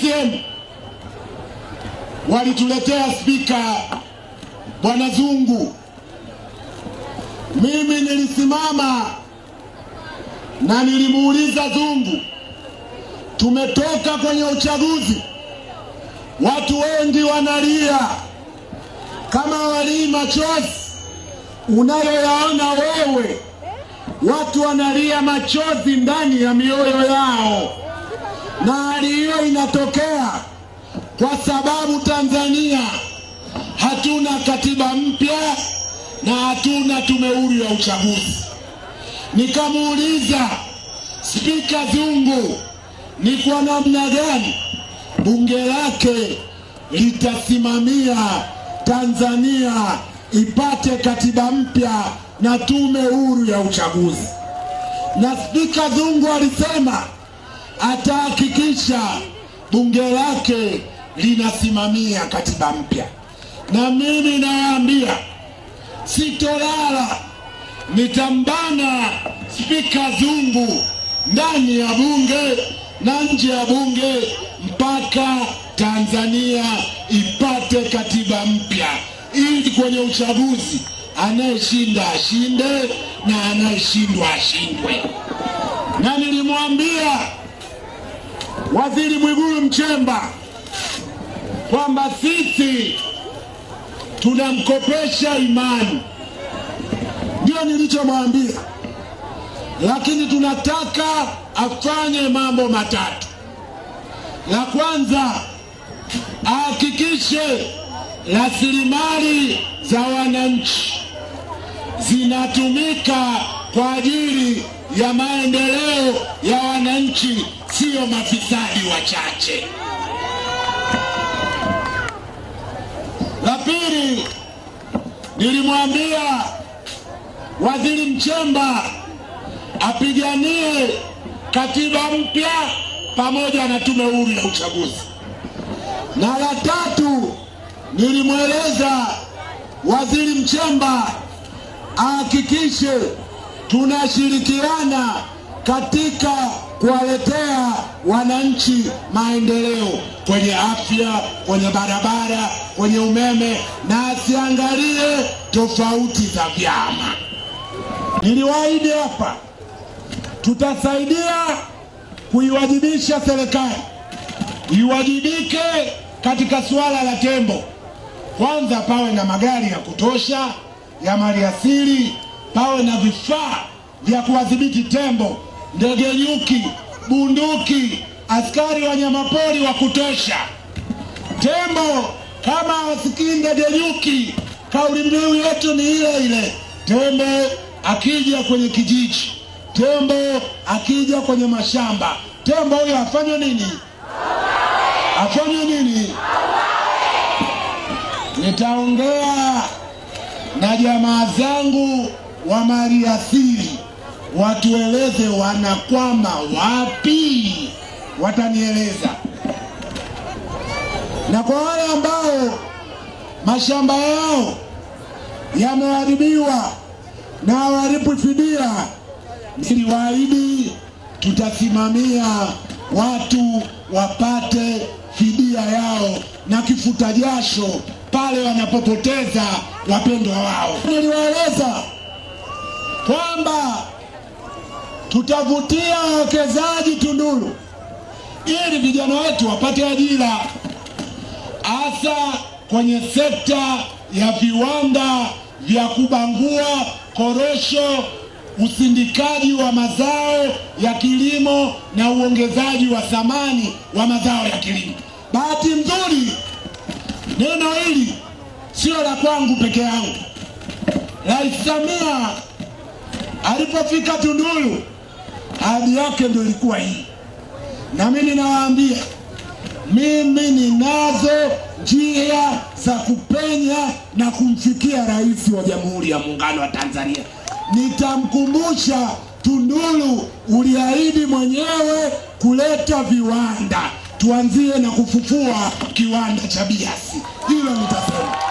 CCM walituletea spika bwana Zungu, mimi nilisimama na nilimuuliza Zungu, tumetoka kwenye uchaguzi, watu wengi wanalia kama walii machozi unayoyaona wewe, watu wanalia machozi ndani ya mioyo yao na hali hiyo inatokea kwa sababu Tanzania hatuna katiba mpya na hatuna tume huru ya uchaguzi. Nikamuuliza Spika Zungu ni kwa namna gani bunge lake litasimamia Tanzania ipate katiba mpya na tume huru ya uchaguzi, na Spika Zungu alisema atahakikisha bunge lake linasimamia katiba mpya, na mimi nawaambia sitolala, nitambana Spika Zungu ndani ya bunge na nje ya bunge mpaka Tanzania ipate katiba mpya, ili kwenye uchaguzi anayeshinda ashinde na anayeshindwa ashindwe. Na nilimwambia Waziri Mwigulu mchemba kwamba sisi tunamkopesha imani, ndio nilichomwambia, lakini tunataka afanye mambo matatu. La kwanza, ahakikishe rasilimali za wananchi zinatumika kwa ajili ya maendeleo ya wananchi sio mafisadi wachache. La pili, nilimwambia Waziri Mchemba apiganie katiba mpya pamoja na tume huru ya uchaguzi, na la tatu, nilimweleza Waziri Mchemba ahakikishe tunashirikiana katika kuwaletea wananchi maendeleo kwenye afya, kwenye barabara, kwenye umeme na asiangalie tofauti za vyama. Niliwaahidi hapa tutasaidia kuiwajibisha serikali iwajibike katika suala la tembo. Kwanza pawe na magari ya kutosha ya maliasili, pawe na vifaa vya kuwadhibiti tembo ndege nyuki, bunduki, askari wanyamapori wa kutosha. Tembo kama hawasikii ndege nyuki, kauli mbiu yetu ni ile ile, tembo akija kwenye kijiji, tembo akija kwenye mashamba, tembo huyo afanye nini? Afanye nini? Nitaongea na jamaa zangu wa maliasili watueleze wanakwama wapi, watanieleza. Na kwa wale ambao mashamba yao yameharibiwa na hawalipi fidia, niliwaahidi tutasimamia watu wapate fidia yao na kifuta jasho pale wanapopoteza wapendwa wao. Niliwaeleza kwamba tutavutia wawekezaji Tunduru ili vijana wetu wapate ajira hasa kwenye sekta ya viwanda vya kubangua korosho, usindikaji wa mazao ya kilimo na uongezaji wa thamani wa mazao ya kilimo. Bahati nzuri, neno hili sio la kwangu peke yangu. Rais Samia alipofika Tunduru hadi yake ndio ilikuwa hii, na mimi ninawaambia, mimi ninazo njia za kupenya na kumfikia rais wa Jamhuri ya Muungano wa Tanzania. Nitamkumbusha tundulu uliahidi mwenyewe kuleta viwanda, tuanzie na kufufua kiwanda cha biasi. Hilo nitasema.